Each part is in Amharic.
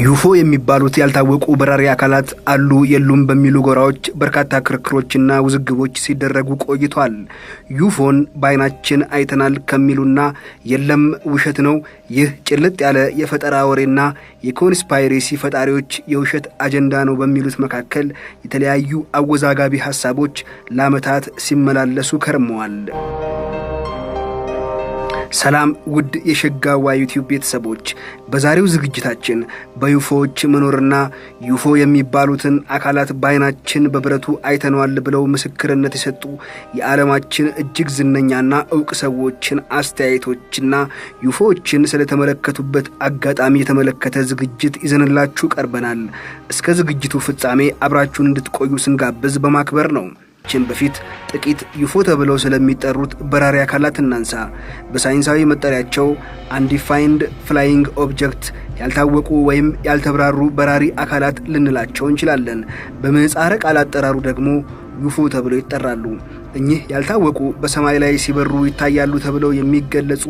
ዩፎ የሚባሉት ያልታወቁ በራሪ አካላት አሉ የሉም በሚሉ ጎራዎች በርካታ ክርክሮችና ውዝግቦች ሲደረጉ ቆይቷል። ዩፎን በአይናችን አይተናል ከሚሉና የለም ውሸት ነው፣ ይህ ጭልጥ ያለ የፈጠራ ወሬና የኮንስፓይሬሲ ፈጣሪዎች የውሸት አጀንዳ ነው በሚሉት መካከል የተለያዩ አወዛጋቢ ሀሳቦች ለዓመታት ሲመላለሱ ከርመዋል። ሰላም ውድ የሸጋዋ ዩቲዩብ ቤተሰቦች፣ በዛሬው ዝግጅታችን በዩፎዎች መኖርና ዩፎ የሚባሉትን አካላት በአይናችን በብረቱ አይተነዋል ብለው ምስክርነት የሰጡ የዓለማችን እጅግ ዝነኛና እውቅ ሰዎችን አስተያየቶችና ዩፎዎችን ስለተመለከቱበት አጋጣሚ የተመለከተ ዝግጅት ይዘንላችሁ ቀርበናል። እስከ ዝግጅቱ ፍጻሜ አብራችሁን እንድትቆዩ ስንጋብዝ በማክበር ነው። ችን በፊት ጥቂት ዩፎ ተብለው ስለሚጠሩት በራሪ አካላት እናንሳ። በሳይንሳዊ መጠሪያቸው አንዲፋይንድ ፍላይንግ ኦብጀክት ያልታወቁ ወይም ያልተብራሩ በራሪ አካላት ልንላቸው እንችላለን። በምህጻረ ቃል አጠራሩ ደግሞ ዩፎ ተብለው ይጠራሉ። እኚህ ያልታወቁ በሰማይ ላይ ሲበሩ ይታያሉ ተብለው የሚገለጹ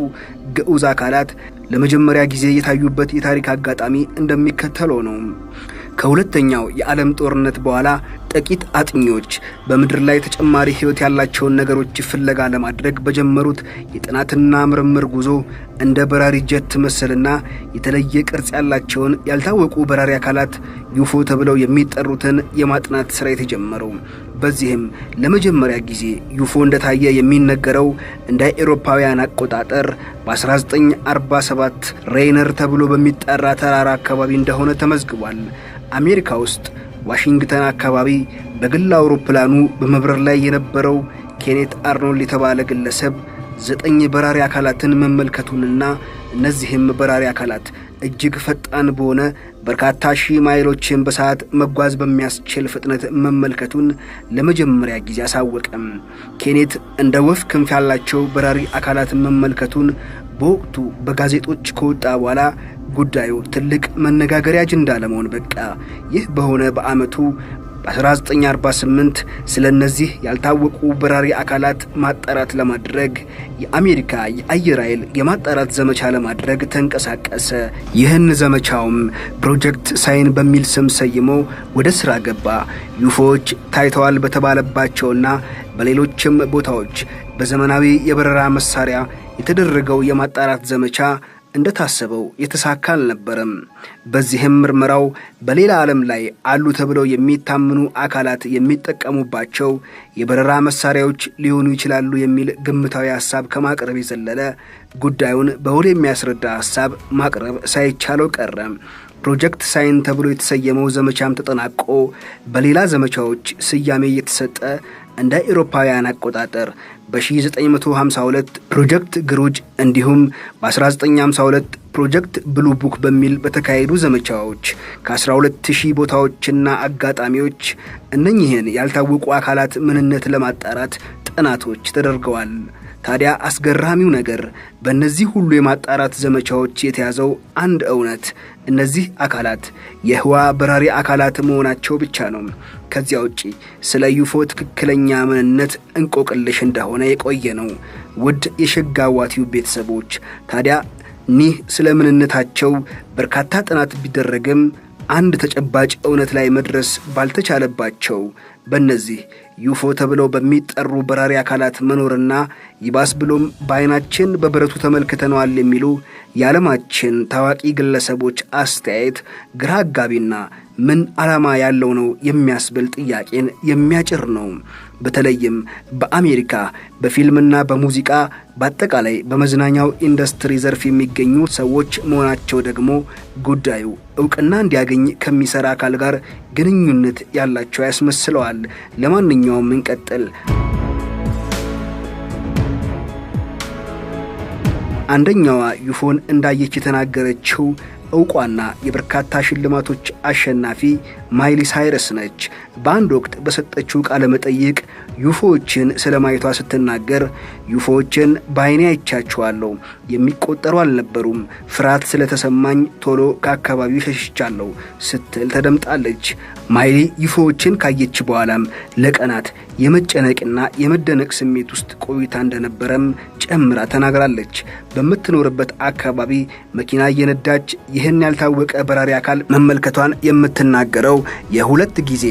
ግዑዝ አካላት ለመጀመሪያ ጊዜ የታዩበት የታሪክ አጋጣሚ እንደሚከተለው ነው። ከሁለተኛው የዓለም ጦርነት በኋላ ጥቂት አጥኚዎች በምድር ላይ ተጨማሪ ሕይወት ያላቸውን ነገሮች ፍለጋ ለማድረግ በጀመሩት የጥናትና ምርምር ጉዞ እንደ በራሪ ጀት መሰልና የተለየ ቅርጽ ያላቸውን ያልታወቁ በራሪ አካላት ዩፎ ተብለው የሚጠሩትን የማጥናት ስራ የተጀመረው። በዚህም ለመጀመሪያ ጊዜ ዩፎ እንደታየ የሚነገረው እንደ አውሮፓውያን አቆጣጠር በ1947 ሬይነር ተብሎ በሚጠራ ተራራ አካባቢ እንደሆነ ተመዝግቧል። አሜሪካ ውስጥ ዋሽንግተን አካባቢ በግል አውሮፕላኑ በመብረር ላይ የነበረው ኬኔት አርኖልድ የተባለ ግለሰብ ዘጠኝ በራሪ አካላትን መመልከቱንና እነዚህም በራሪ አካላት እጅግ ፈጣን በሆነ በርካታ ሺህ ማይሎችን በሰዓት መጓዝ በሚያስችል ፍጥነት መመልከቱን ለመጀመሪያ ጊዜ አሳወቀም። ኬኔት እንደ ወፍ ክንፍ ያላቸው በራሪ አካላት መመልከቱን በወቅቱ በጋዜጦች ከወጣ በኋላ ጉዳዩ ትልቅ መነጋገሪያ አጀንዳ ለመሆን በቃ። ይህ በሆነ በአመቱ በ1948 ስለ እነዚህ ያልታወቁ በራሪ አካላት ማጣራት ለማድረግ የአሜሪካ የአየር ኃይል የማጣራት ዘመቻ ለማድረግ ተንቀሳቀሰ። ይህን ዘመቻውም ፕሮጀክት ሳይን በሚል ስም ሰይሞ ወደ ስራ ገባ። ዩፎዎች ታይተዋል በተባለባቸውና በሌሎችም ቦታዎች በዘመናዊ የበረራ መሳሪያ የተደረገው የማጣራት ዘመቻ እንደታሰበው የተሳካ አልነበረም። በዚህም ምርመራው በሌላ ዓለም ላይ አሉ ተብለው የሚታመኑ አካላት የሚጠቀሙባቸው የበረራ መሳሪያዎች ሊሆኑ ይችላሉ የሚል ግምታዊ ሐሳብ ከማቅረብ የዘለለ ጉዳዩን በውል የሚያስረዳ ሐሳብ ማቅረብ ሳይቻለው ቀረ። ፕሮጀክት ሳይን ተብሎ የተሰየመው ዘመቻም ተጠናቆ በሌላ ዘመቻዎች ስያሜ እየተሰጠ እንደ አውሮፓውያን አቆጣጠር በ1952 ፕሮጀክት ግሩጅ እንዲሁም በ1952 ፕሮጀክት ብሉ ቡክ በሚል በተካሄዱ ዘመቻዎች ከ12000 ቦታዎችና አጋጣሚዎች እነኚህን ያልታወቁ አካላት ምንነት ለማጣራት ጥናቶች ተደርገዋል። ታዲያ አስገራሚው ነገር በእነዚህ ሁሉ የማጣራት ዘመቻዎች የተያዘው አንድ እውነት እነዚህ አካላት የህዋ በራሪ አካላት መሆናቸው ብቻ ነው። ከዚያ ውጪ ስለ ዩፎ ትክክለኛ ምንነት እንቆቅልሽ እንደሆነ የቆየ ነው። ውድ የሸጋዋቲው ቤተሰቦች ታዲያ እኒህ ስለ ምንነታቸው በርካታ ጥናት ቢደረግም አንድ ተጨባጭ እውነት ላይ መድረስ ባልተቻለባቸው በእነዚህ ዩፎ ተብለው በሚጠሩ በራሪ አካላት መኖርና ይባስ ብሎም በዓይናችን በብረቱ ተመልክተነዋል የሚሉ የዓለማችን ታዋቂ ግለሰቦች አስተያየት ግራ አጋቢና ምን ዓላማ ያለው ነው የሚያስብል ጥያቄን የሚያጭር ነው። በተለይም በአሜሪካ በፊልምና በሙዚቃ በአጠቃላይ በመዝናኛው ኢንዱስትሪ ዘርፍ የሚገኙ ሰዎች መሆናቸው ደግሞ ጉዳዩ እውቅና እንዲያገኝ ከሚሰራ አካል ጋር ግንኙነት ያላቸው ያስመስለዋል። ለማንኛውም እንቀጥል። አንደኛዋ ዩፎን እንዳየች የተናገረችው እውቋና የበርካታ ሽልማቶች አሸናፊ ማይሊ ሳይረስ ነች። በአንድ ወቅት በሰጠችው ቃለ መጠይቅ ዩፎዎችን ስለ ማየቷ ስትናገር ዩፎዎችን በአይኔ አይቻችኋለሁ፣ የሚቆጠሩ አልነበሩም፣ ፍርሃት ስለተሰማኝ ቶሎ ከአካባቢው ሸሽቻለሁ ስትል ተደምጣለች። ማይሊ ዩፎዎችን ካየች በኋላም ለቀናት የመጨነቅና የመደነቅ ስሜት ውስጥ ቆይታ እንደነበረም ጨምራ ተናግራለች። በምትኖርበት አካባቢ መኪና እየነዳች ይህን ያልታወቀ በራሪ አካል መመልከቷን የምትናገረው የሁለት ጊዜ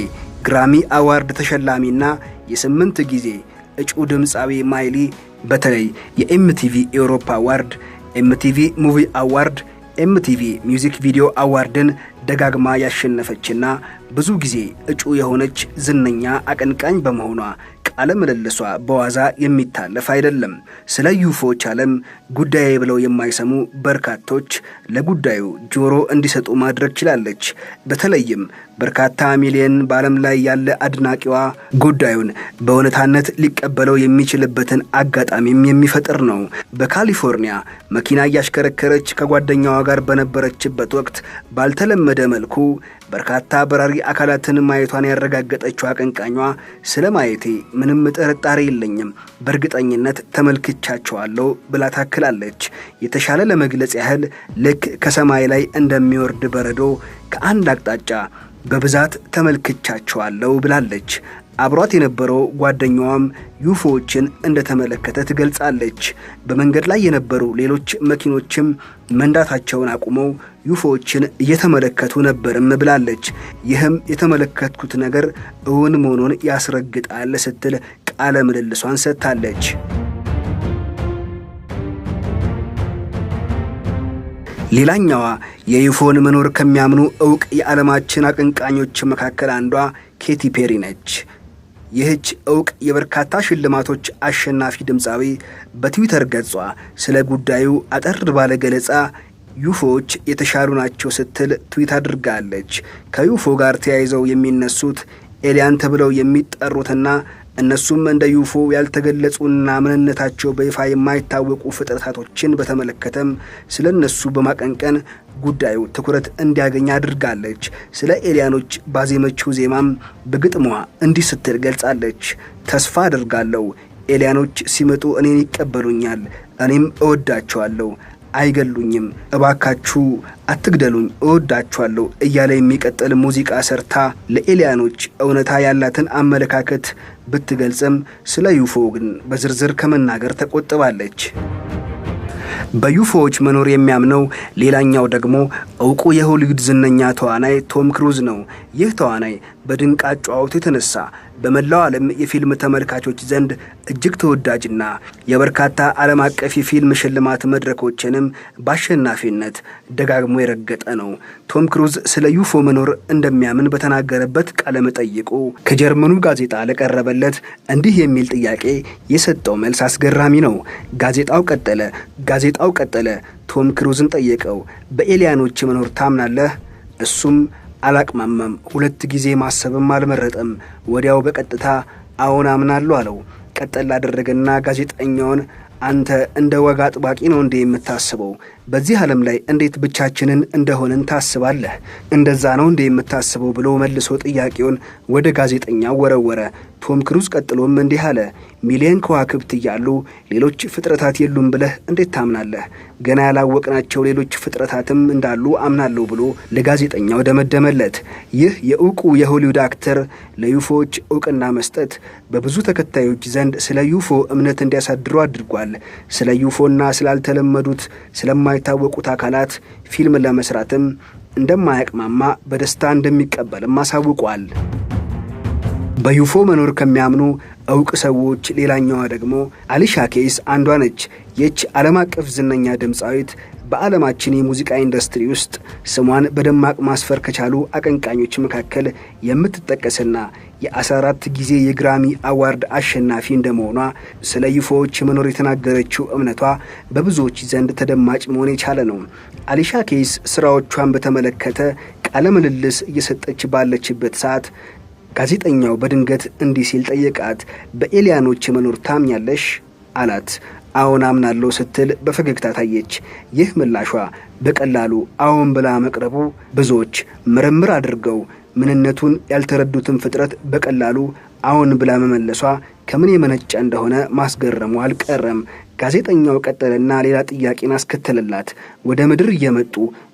ግራሚ አዋርድ ተሸላሚና የስምንት ጊዜ እጩ ድምፃዊ ማይሊ በተለይ የኤምቲቪ ኤውሮፓ አዋርድ፣ ኤምቲቪ ሙቪ አዋርድ ኤምቲቪ ሚውዚክ ቪዲዮ አዋርድን ደጋግማ ያሸነፈችና ብዙ ጊዜ እጩ የሆነች ዝነኛ አቀንቃኝ በመሆኗ ቃለ ምልልሷ በዋዛ የሚታለፍ አይደለም። ስለ ዩፎች ዓለም ጉዳዬ ብለው የማይሰሙ በርካቶች ለጉዳዩ ጆሮ እንዲሰጡ ማድረግ ችላለች። በተለይም በርካታ ሚሊየን በዓለም ላይ ያለ አድናቂዋ ጉዳዩን በእውነታነት ሊቀበለው የሚችልበትን አጋጣሚም የሚፈጥር ነው። በካሊፎርኒያ መኪና እያሽከረከረች ከጓደኛዋ ጋር በነበረችበት ወቅት ባልተለመደ መልኩ በርካታ በራሪ አካላትን ማየቷን ያረጋገጠችው አቀንቃኟ ስለ ማየቴ ምንም ጥርጣሬ የለኝም፣ በእርግጠኝነት ተመልክቻቸዋለሁ ብላ ታክላለች። የተሻለ ለመግለጽ ያህል ልክ ከሰማይ ላይ እንደሚወርድ በረዶ ከአንድ አቅጣጫ በብዛት ተመልክቻቸዋለሁ ብላለች። አብሯት የነበረው ጓደኛዋም ዩፎዎችን እንደተመለከተ ትገልጻለች። በመንገድ ላይ የነበሩ ሌሎች መኪኖችም መንዳታቸውን አቁመው ዩፎዎችን እየተመለከቱ ነበርም ብላለች። ይህም የተመለከትኩት ነገር እውን መሆኑን ያስረግጣል ስትል ቃለ ምልልሷን ሰጥታለች። ሌላኛዋ የዩፎን መኖር ከሚያምኑ እውቅ የዓለማችን አቀንቃኞች መካከል አንዷ ኬቲ ፔሪ ነች። ይህች እውቅ የበርካታ ሽልማቶች አሸናፊ ድምፃዊ በትዊተር ገጿ ስለ ጉዳዩ አጠር ባለ ገለጻ ዩፎዎች የተሻሉ ናቸው ስትል ትዊት አድርጋለች። ከዩፎ ጋር ተያይዘው የሚነሱት ኤሊያን ተብለው የሚጠሩትና እነሱም እንደ ዩፎ ያልተገለጹና ምንነታቸው በይፋ የማይታወቁ ፍጥረታቶችን በተመለከተም ስለ እነሱ በማቀንቀን ጉዳዩ ትኩረት እንዲያገኝ አድርጋለች። ስለ ኤልያኖች ባዜመችው ዜማም በግጥሟ እንዲህ ስትል ገልጻለች። ተስፋ አድርጋለሁ ኤልያኖች ሲመጡ እኔን ይቀበሉኛል፣ እኔም እወዳቸዋለሁ አይገሉኝም፣ እባካችሁ አትግደሉኝ፣ እወዳችኋለሁ እያለ የሚቀጥል ሙዚቃ ሰርታ ለኤልያኖች እውነታ ያላትን አመለካከት ብትገልጽም ስለ ዩፎ ግን በዝርዝር ከመናገር ተቆጥባለች። በዩፎዎች መኖር የሚያምነው ሌላኛው ደግሞ እውቁ የሆሊውድ ዝነኛ ተዋናይ ቶም ክሩዝ ነው። ይህ ተዋናይ በድንቅ አጨዋወቱ የተነሳ በመላው ዓለም የፊልም ተመልካቾች ዘንድ እጅግ ተወዳጅና የበርካታ ዓለም አቀፍ የፊልም ሽልማት መድረኮችንም በአሸናፊነት ደጋግሞ የረገጠ ነው። ቶም ክሩዝ ስለ ዩፎ መኖር እንደሚያምን በተናገረበት ቃለ መጠይቁ ከጀርመኑ ጋዜጣ ለቀረበለት እንዲህ የሚል ጥያቄ የሰጠው መልስ አስገራሚ ነው። ጋዜጣው ቀጠለ ጋዜጣው ቀጠለ ቶም ክሩዝን ጠየቀው፣ በኤሊያኖች መኖር ታምናለህ? እሱም አላቅማማም። ሁለት ጊዜ ማሰብም አልመረጠም። ወዲያው በቀጥታ አዎን አምናለሁ አለው። ቀጠል አደረገና ጋዜጠኛውን አንተ እንደ ወግ አጥባቂ ነው እንዴ የምታስበው? በዚህ ዓለም ላይ እንዴት ብቻችንን እንደሆንን ታስባለህ? እንደዛ ነው እንዴ የምታስበው ብሎ መልሶ ጥያቄውን ወደ ጋዜጠኛው ወረወረ። ቶም ክሩዝ ቀጥሎም እንዲህ አለ። ሚሊየን ከዋክብት እያሉ ሌሎች ፍጥረታት የሉም ብለህ እንዴት ታምናለህ? ገና ያላወቅናቸው ሌሎች ፍጥረታትም እንዳሉ አምናለሁ ብሎ ለጋዜጠኛው ደመደመለት። ይህ የእውቁ የሆሊውድ አክተር ለዩፎዎች እውቅና መስጠት በብዙ ተከታዮች ዘንድ ስለ ዩፎ እምነት እንዲያሳድሩ አድርጓል። ስለ ዩፎና ስላልተለመዱት ስለማይ የማይታወቁት አካላት ፊልም ለመስራትም እንደማያቅማማ በደስታ እንደሚቀበልም አሳውቋል። በዩፎ መኖር ከሚያምኑ እውቅ ሰዎች ሌላኛዋ ደግሞ አሊሻ ኬስ አንዷ ነች። ይች ዓለም አቀፍ ዝነኛ ድምፃዊት በዓለማችን የሙዚቃ ኢንዱስትሪ ውስጥ ስሟን በደማቅ ማስፈር ከቻሉ አቀንቃኞች መካከል የምትጠቀስና የ14 ጊዜ የግራሚ አዋርድ አሸናፊ እንደመሆኗ ስለ ይፎዎች መኖር የተናገረችው እምነቷ በብዙዎች ዘንድ ተደማጭ መሆን የቻለ ነው። አሊሻ ኬስ ስራዎቿን በተመለከተ ቃለ ምልልስ እየሰጠች ባለችበት ሰዓት ጋዜጠኛው በድንገት እንዲህ ሲል ጠየቃት። በኤሊያኖች መኖር ታምኛለሽ? አላት። አዎን አምናለሁ ስትል በፈገግታ ታየች። ይህ ምላሿ በቀላሉ አዎን ብላ መቅረቡ ብዙዎች ምርምር አድርገው ምንነቱን ያልተረዱትን ፍጥረት በቀላሉ አዎን ብላ መመለሷ ከምን የመነጨ እንደሆነ ማስገረሙ አልቀረም። ጋዜጠኛው ቀጠለና ሌላ ጥያቄን አስከተለላት። ወደ ምድር እየመጡ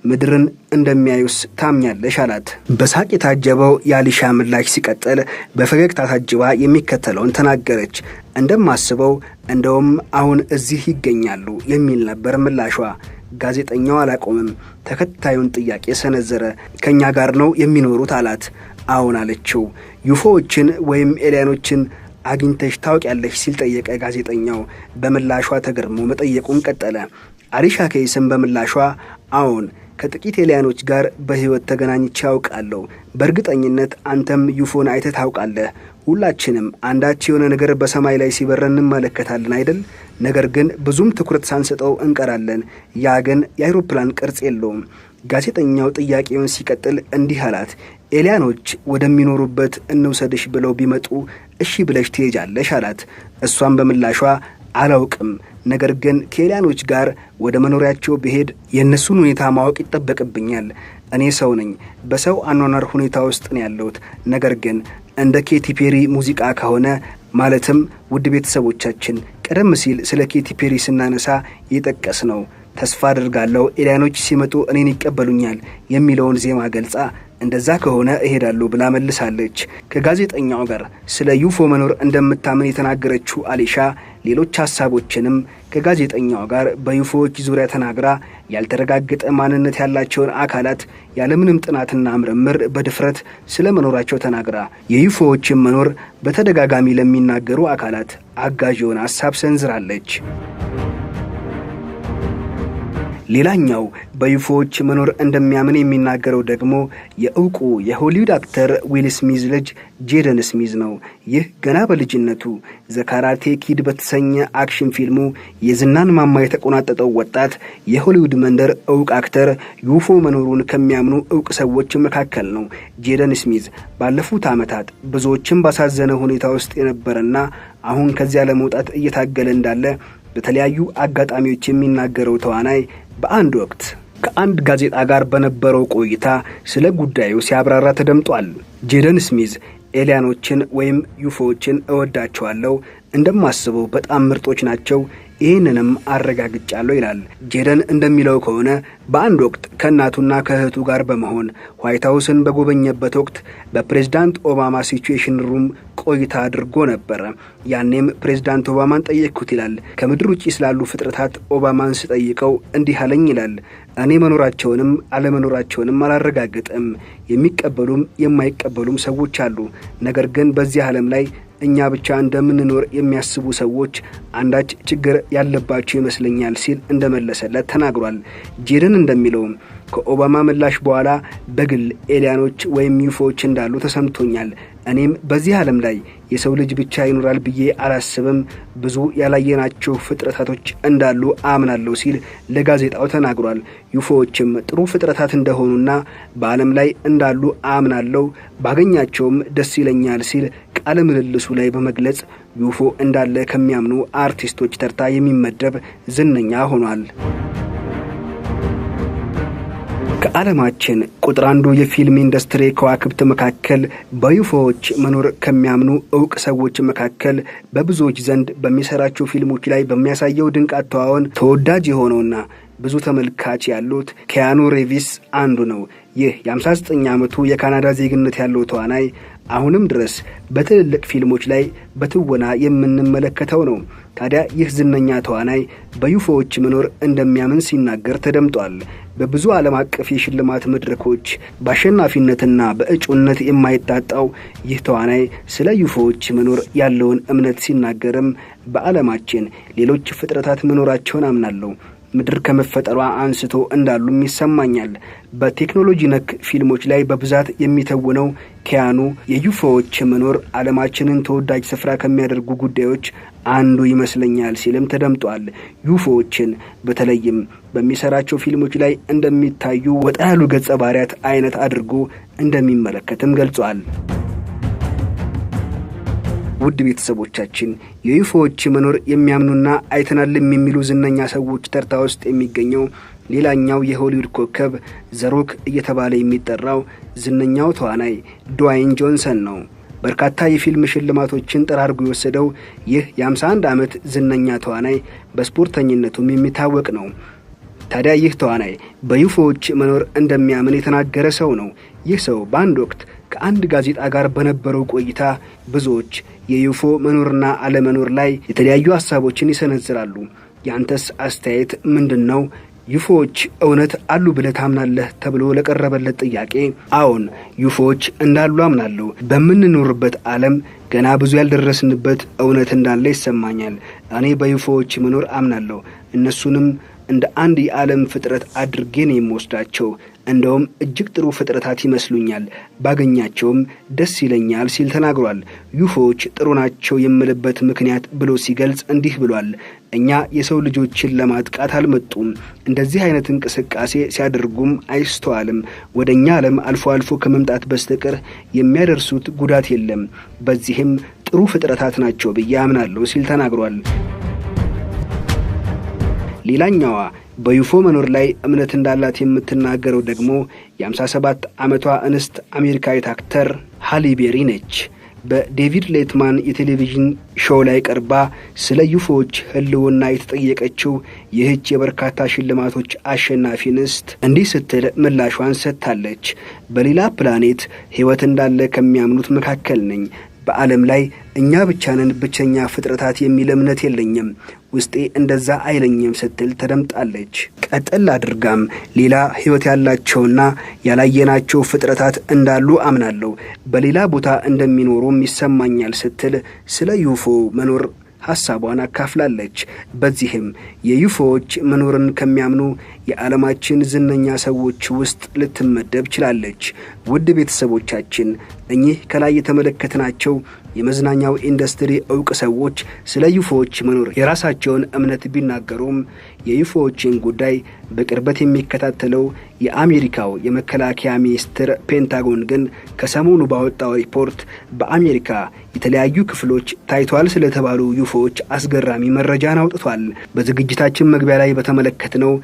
ምድርን እንደሚያዩስ ታምኛለሽ አላት። በሳቅ የታጀበው የአሊሻ ምላሽ ሲቀጥል በፈገግታ ታጅባ የሚከተለውን ተናገረች። እንደማስበው እንደውም አሁን እዚህ ይገኛሉ የሚል ነበር ምላሿ። ጋዜጠኛው አላቆምም። ተከታዩን ጥያቄ ሰነዘረ። ከእኛ ጋር ነው የሚኖሩት አላት። አሁን አለችው። ዩፎዎችን ወይም ኤልያኖችን አግኝተሽ ታውቂያለሽ ሲል ጠየቀ ጋዜጠኛው። በምላሿ ተገርሞ መጠየቁን ቀጠለ። አሪሻ ከይስም በምላሿ አዎን ከጥቂት ኤልያኖች ጋር በሕይወት ተገናኝቼ ያውቃለሁ። በእርግጠኝነት አንተም ዩፎን አይተ ታውቃለህ። ሁላችንም አንዳች የሆነ ነገር በሰማይ ላይ ሲበር እንመለከታለን አይደል? ነገር ግን ብዙም ትኩረት ሳንሰጠው እንቀራለን። ያ ግን የአይሮፕላን ቅርጽ የለውም። ጋዜጠኛው ጥያቄውን ሲቀጥል እንዲህ አላት። ኤልያኖች ወደሚኖሩበት እንውሰድሽ ብለው ቢመጡ እሺ ብለሽ ትሄጃለሽ አላት። እሷም በምላሿ አላውቅም፣ ነገር ግን ከኤልያኖች ጋር ወደ መኖሪያቸው ብሄድ የእነሱን ሁኔታ ማወቅ ይጠበቅብኛል። እኔ ሰው ነኝ፣ በሰው አኗኗር ሁኔታ ውስጥ ነው ያለሁት። ነገር ግን እንደ ኬቲ ፔሪ ሙዚቃ ከሆነ ማለትም ውድ ቤተሰቦቻችን ቀደም ሲል ስለ ኬቲ ፔሪ ስናነሳ የጠቀስ ነው ተስፋ አድርጋለሁ ኤልያኖች ሲመጡ እኔን ይቀበሉኛል የሚለውን ዜማ ገልጻ እንደዛ ከሆነ እሄዳለሁ ብላ መልሳለች። ከጋዜጠኛው ጋር ስለ ዩፎ መኖር እንደምታምን የተናገረችው አሊሻ ሌሎች ሀሳቦችንም ከጋዜጠኛው ጋር በዩፎዎች ዙሪያ ተናግራ ያልተረጋገጠ ማንነት ያላቸውን አካላት ያለምንም ጥናትና ምርምር በድፍረት ስለ መኖራቸው ተናግራ የዩፎዎችን መኖር በተደጋጋሚ ለሚናገሩ አካላት አጋዥ የሆነ ሀሳብ ሰንዝራለች። ሌላኛው በዩፎዎች መኖር እንደሚያምን የሚናገረው ደግሞ የእውቁ የሆሊውድ አክተር ዊል ስሚዝ ልጅ ጄደን ስሚዝ ነው። ይህ ገና በልጅነቱ ዘካራቴ ኪድ በተሰኘ አክሽን ፊልሙ የዝናን ማማ የተቆናጠጠው ወጣት የሆሊውድ መንደር እውቅ አክተር ዩፎ መኖሩን ከሚያምኑ እውቅ ሰዎች መካከል ነው። ጄደን ስሚዝ ባለፉት ዓመታት ብዙዎችን ባሳዘነ ሁኔታ ውስጥ የነበረና አሁን ከዚያ ለመውጣት እየታገለ እንዳለ በተለያዩ አጋጣሚዎች የሚናገረው ተዋናይ በአንድ ወቅት ከአንድ ጋዜጣ ጋር በነበረው ቆይታ ስለ ጉዳዩ ሲያብራራ ተደምጧል። ጄደን ስሚዝ ኤሊያኖችን ወይም ዩፎዎችን እወዳቸዋለሁ እንደማስበው በጣም ምርጦች ናቸው፣ ይህንንም አረጋግጫለሁ ይላል። ጄደን እንደሚለው ከሆነ በአንድ ወቅት ከእናቱና ከእህቱ ጋር በመሆን ዋይት ሀውስን በጎበኘበት ወቅት በፕሬዝዳንት ኦባማ ሲቹዌሽን ሩም ቆይታ አድርጎ ነበረ። ያኔም ፕሬዝዳንት ኦባማን ጠየቅኩት ይላል። ከምድር ውጭ ስላሉ ፍጥረታት ኦባማን ስጠይቀው እንዲህ አለኝ ይላል። እኔ መኖራቸውንም አለመኖራቸውንም አላረጋግጥም። የሚቀበሉም የማይቀበሉም ሰዎች አሉ። ነገር ግን በዚህ ዓለም ላይ እኛ ብቻ እንደምንኖር የሚያስቡ ሰዎች አንዳች ችግር ያለባቸው ይመስለኛል ሲል እንደመለሰለት ተናግሯል። ጄደን እንደሚለውም ከኦባማ ምላሽ በኋላ በግል ኤሊያኖች ወይም ዩፎዎች እንዳሉ ተሰምቶኛል። እኔም በዚህ ዓለም ላይ የሰው ልጅ ብቻ ይኖራል ብዬ አላስብም። ብዙ ያላየናቸው ፍጥረታቶች እንዳሉ አምናለሁ ሲል ለጋዜጣው ተናግሯል። ዩፎዎችም ጥሩ ፍጥረታት እንደሆኑና በዓለም ላይ እንዳሉ አምናለሁ፣ ባገኛቸውም ደስ ይለኛል ሲል ምልልሱ ላይ በመግለጽ ዩፎ እንዳለ ከሚያምኑ አርቲስቶች ተርታ የሚመደብ ዝነኛ ሆኗል። ከዓለማችን ቁጥር አንዱ የፊልም ኢንዱስትሪ ከዋክብት መካከል በዩፎዎች መኖር ከሚያምኑ እውቅ ሰዎች መካከል በብዙዎች ዘንድ በሚሰራቸው ፊልሞች ላይ በሚያሳየው ድንቅ አተዋወን ተወዳጅ የሆነውና ብዙ ተመልካች ያሉት ኪያኑ ሬቪስ አንዱ ነው። ይህ የ59 ዓመቱ የካናዳ ዜግነት ያለው ተዋናይ አሁንም ድረስ በትልልቅ ፊልሞች ላይ በትወና የምንመለከተው ነው። ታዲያ ይህ ዝነኛ ተዋናይ በዩፎዎች መኖር እንደሚያምን ሲናገር ተደምጧል። በብዙ ዓለም አቀፍ የሽልማት መድረኮች በአሸናፊነትና በእጩነት የማይታጣው ይህ ተዋናይ ስለ ዩፎዎች መኖር ያለውን እምነት ሲናገርም በዓለማችን ሌሎች ፍጥረታት መኖራቸውን አምናለሁ ምድር ከመፈጠሯ አንስቶ እንዳሉም ይሰማኛል። በቴክኖሎጂ ነክ ፊልሞች ላይ በብዛት የሚተውነው ኪያኑ የዩፎዎች መኖር ዓለማችንን ተወዳጅ ስፍራ ከሚያደርጉ ጉዳዮች አንዱ ይመስለኛል ሲልም ተደምጧል። ዩፎዎችን በተለይም በሚሰራቸው ፊልሞች ላይ እንደሚታዩ ወጣ ያሉ ገጸ ባህሪያት አይነት አድርጎ እንደሚመለከትም ገልጿል። ውድ ቤተሰቦቻችን የዩፎዎች መኖር የሚያምኑና አይተናልም የሚሉ ዝነኛ ሰዎች ተርታ ውስጥ የሚገኘው ሌላኛው የሆሊውድ ኮከብ ዘሮክ እየተባለ የሚጠራው ዝነኛው ተዋናይ ድዋይን ጆንሰን ነው። በርካታ የፊልም ሽልማቶችን ጠራርጎ የወሰደው ይህ የ51 ዓመት ዝነኛ ተዋናይ በስፖርተኝነቱም የሚታወቅ ነው። ታዲያ ይህ ተዋናይ በዩፎዎች መኖር እንደሚያምን የተናገረ ሰው ነው። ይህ ሰው በአንድ ወቅት ከአንድ ጋዜጣ ጋር በነበረው ቆይታ ብዙዎች የዩፎ መኖርና አለመኖር ላይ የተለያዩ ሀሳቦችን ይሰነዝራሉ። የአንተስ አስተያየት ምንድን ነው? ዩፎዎች እውነት አሉ ብለህ ታምናለህ ተብሎ ለቀረበለት ጥያቄ አዎን፣ ዩፎዎች እንዳሉ አምናለሁ። በምንኖርበት ዓለም ገና ብዙ ያልደረስንበት እውነት እንዳለ ይሰማኛል። እኔ በዩፎዎች መኖር አምናለሁ። እነሱንም እንደ አንድ የዓለም ፍጥረት አድርጌ ነው የምወስዳቸው። እንደውም እጅግ ጥሩ ፍጥረታት ይመስሉኛል፣ ባገኛቸውም ደስ ይለኛል ሲል ተናግሯል። ዩፎዎች ጥሩ ናቸው የምልበት ምክንያት ብሎ ሲገልጽ እንዲህ ብሏል። እኛ የሰው ልጆችን ለማጥቃት አልመጡም። እንደዚህ አይነት እንቅስቃሴ ሲያደርጉም አይስተዋልም። ወደ እኛ ዓለም አልፎ አልፎ ከመምጣት በስተቀር የሚያደርሱት ጉዳት የለም። በዚህም ጥሩ ፍጥረታት ናቸው ብዬ አምናለሁ ሲል ተናግሯል። ሌላኛዋ በዩፎ መኖር ላይ እምነት እንዳላት የምትናገረው ደግሞ የ57 ዓመቷ እንስት አሜሪካዊት አክተር ሃሊቤሪ ቤሪ ነች። በዴቪድ ሌትማን የቴሌቪዥን ሾው ላይ ቀርባ ስለ ዩፎዎች ህልውና የተጠየቀችው ይህች የበርካታ ሽልማቶች አሸናፊ እንስት እንዲህ ስትል ምላሿን ሰጥታለች። በሌላ ፕላኔት ሕይወት እንዳለ ከሚያምኑት መካከል ነኝ። በዓለም ላይ እኛ ብቻ ነን ብቸኛ ፍጥረታት የሚል እምነት የለኝም። ውስጤ እንደዛ አይለኝም ስትል ተደምጣለች። ቀጠል አድርጋም ሌላ ህይወት ያላቸውና ያላየናቸው ፍጥረታት እንዳሉ አምናለሁ፣ በሌላ ቦታ እንደሚኖሩም ይሰማኛል ስትል ስለ ዩፎ መኖር ሀሳቧን አካፍላለች። በዚህም የዩፎዎች መኖርን ከሚያምኑ የዓለማችን ዝነኛ ሰዎች ውስጥ ልትመደብ ችላለች። ውድ ቤተሰቦቻችን እኚህ ከላይ የተመለከትናቸው የመዝናኛው ኢንዱስትሪ እውቅ ሰዎች ስለ ዩፎዎች መኖር የራሳቸውን እምነት ቢናገሩም የዩፎዎችን ጉዳይ በቅርበት የሚከታተለው የአሜሪካው የመከላከያ ሚኒስትር ፔንታጎን ግን ከሰሞኑ ባወጣው ሪፖርት በአሜሪካ የተለያዩ ክፍሎች ታይቷል ስለተባሉ ዩፎዎች አስገራሚ መረጃን አውጥቷል። በዝግጅታችን መግቢያ ላይ በተመለከትነው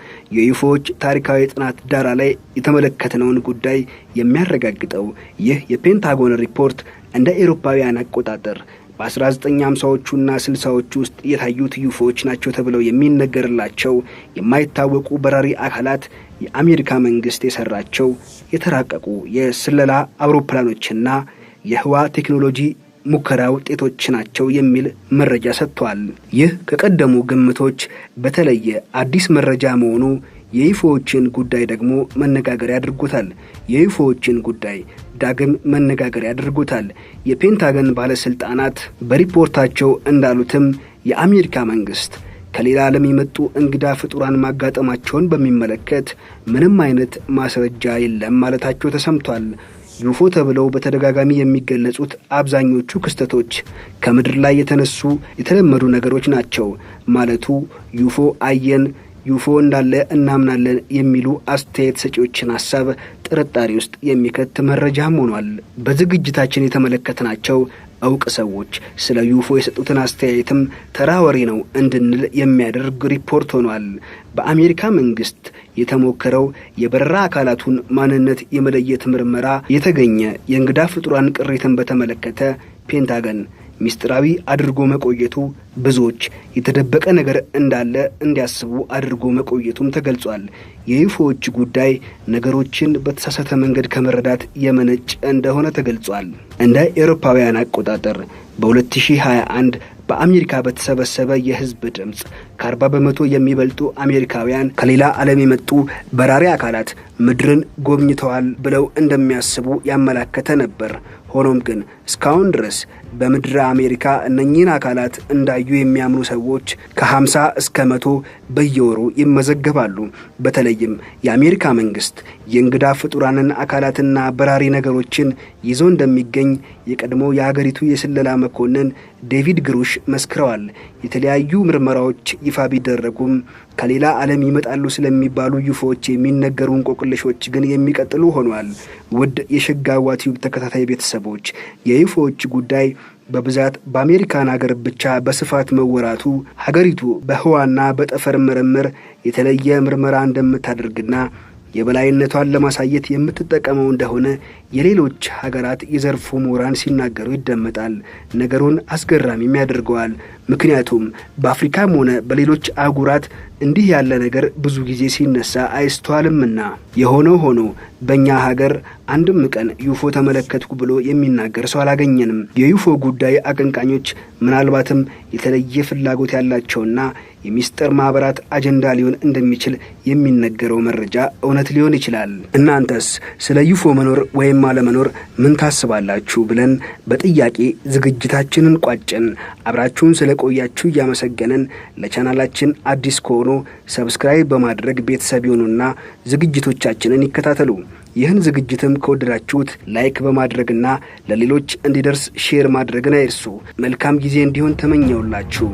ዩፎዎች ታሪካዊ ጥናት ዳራ ላይ የተመለከትነውን ጉዳይ የሚያረጋግጠው ይህ የፔንታጎን ሪፖርት እንደ ኤሮፓውያን አቆጣጠር በ1950ዎቹና 60ዎቹ ውስጥ የታዩት ዩፎዎች ናቸው ተብለው የሚነገርላቸው የማይታወቁ በራሪ አካላት የአሜሪካ መንግስት የሰራቸው የተራቀቁ የስለላ አውሮፕላኖችና የህዋ ቴክኖሎጂ ሙከራ ውጤቶች ናቸው የሚል መረጃ ሰጥቷል። ይህ ከቀደሙ ግምቶች በተለየ አዲስ መረጃ መሆኑ የይፎዎችን ጉዳይ ደግሞ መነጋገሪያ አድርጎታል። የይፎዎችን ጉዳይ ዳግም መነጋገሪያ አድርጎታል። የፔንታገን ባለስልጣናት በሪፖርታቸው እንዳሉትም የአሜሪካ መንግስት ከሌላ ዓለም የመጡ እንግዳ ፍጡራን ማጋጠማቸውን በሚመለከት ምንም አይነት ማስረጃ የለም ማለታቸው ተሰምቷል። ዩፎ ተብለው በተደጋጋሚ የሚገለጹት አብዛኞቹ ክስተቶች ከምድር ላይ የተነሱ የተለመዱ ነገሮች ናቸው ማለቱ ዩፎ አየን ዩፎ እንዳለ እናምናለን የሚሉ አስተያየት ሰጪዎችን ሀሳብ ጥርጣሬ ውስጥ የሚከት መረጃም ሆኗል። በዝግጅታችን የተመለከትናቸው እውቅ ሰዎች ስለ ዩፎ የሰጡትን አስተያየትም ተራ ወሬ ነው እንድንል የሚያደርግ ሪፖርት ሆኗል። በአሜሪካ መንግስት የተሞከረው የበረራ አካላቱን ማንነት የመለየት ምርመራ የተገኘ የእንግዳ ፍጡራን ቅሪትን በተመለከተ ፔንታገን ሚስጢራዊ አድርጎ መቆየቱ ብዙዎች የተደበቀ ነገር እንዳለ እንዲያስቡ አድርጎ መቆየቱም ተገልጿል። የዩፎዎች ጉዳይ ነገሮችን በተሳሳተ መንገድ ከመረዳት የመነጭ እንደሆነ ተገልጿል። እንደ ኤሮፓውያን አቆጣጠር በ2021 በአሜሪካ በተሰበሰበ የሕዝብ ድምፅ ከ40 በመቶ የሚበልጡ አሜሪካውያን ከሌላ ዓለም የመጡ በራሪ አካላት ምድርን ጎብኝተዋል ብለው እንደሚያስቡ ያመላከተ ነበር። ሆኖም ግን እስካሁን ድረስ በምድረ አሜሪካ እነኚህን አካላት እንዳዩ የሚያምኑ ሰዎች ከ50 እስከ መቶ በየወሩ ይመዘገባሉ። በተለይም የአሜሪካ መንግስት የእንግዳ ፍጡራንን አካላትና በራሪ ነገሮችን ይዞ እንደሚገኝ የቀድሞ የሀገሪቱ የስለላ መኮንን ዴቪድ ግሩሽ መስክረዋል። የተለያዩ ምርመራዎች ይፋ ቢደረጉም ከሌላ ዓለም ይመጣሉ ስለሚባሉ ዩፎዎች የሚነገሩ እንቆቅልሾች ግን የሚቀጥሉ ሆኗል። ውድ የሸጋዋ ቲዩብ ተከታታይ ቤተሰቦች የዩፎዎች ጉዳይ በብዛት በአሜሪካን ሀገር ብቻ በስፋት መወራቱ ሀገሪቱ በህዋና በጠፈር ምርምር የተለየ ምርመራ እንደምታደርግና የበላይነቷን ለማሳየት የምትጠቀመው እንደሆነ የሌሎች ሀገራት የዘርፉ ምሁራን ሲናገሩ ይደመጣል። ነገሩን አስገራሚም ያደርገዋል። ምክንያቱም በአፍሪካም ሆነ በሌሎች አህጉራት እንዲህ ያለ ነገር ብዙ ጊዜ ሲነሳ አይስተዋልምና። የሆነው ሆኖ በእኛ ሀገር አንድም ቀን ዩፎ ተመለከትኩ ብሎ የሚናገር ሰው አላገኘንም። የዩፎ ጉዳይ አቀንቃኞች ምናልባትም የተለየ ፍላጎት ያላቸውና የሚስጥር ማህበራት አጀንዳ ሊሆን እንደሚችል የሚነገረው መረጃ እውነት ሊሆን ይችላል። እናንተስ ስለ ዩፎ መኖር ወይም አለመኖር ምን ታስባላችሁ? ብለን በጥያቄ ዝግጅታችንን ቋጭን። አብራችሁን ስለ ስለቆያችሁ እያመሰገንን ለቻናላችን አዲስ ከሆኑ ሰብስክራይብ በማድረግ ቤተሰብ ይሁኑና ዝግጅቶቻችንን ይከታተሉ። ይህን ዝግጅትም ከወደዳችሁት ላይክ በማድረግና ለሌሎች እንዲደርስ ሼር ማድረግን አይርሱ። መልካም ጊዜ እንዲሆን ተመኘውላችሁ።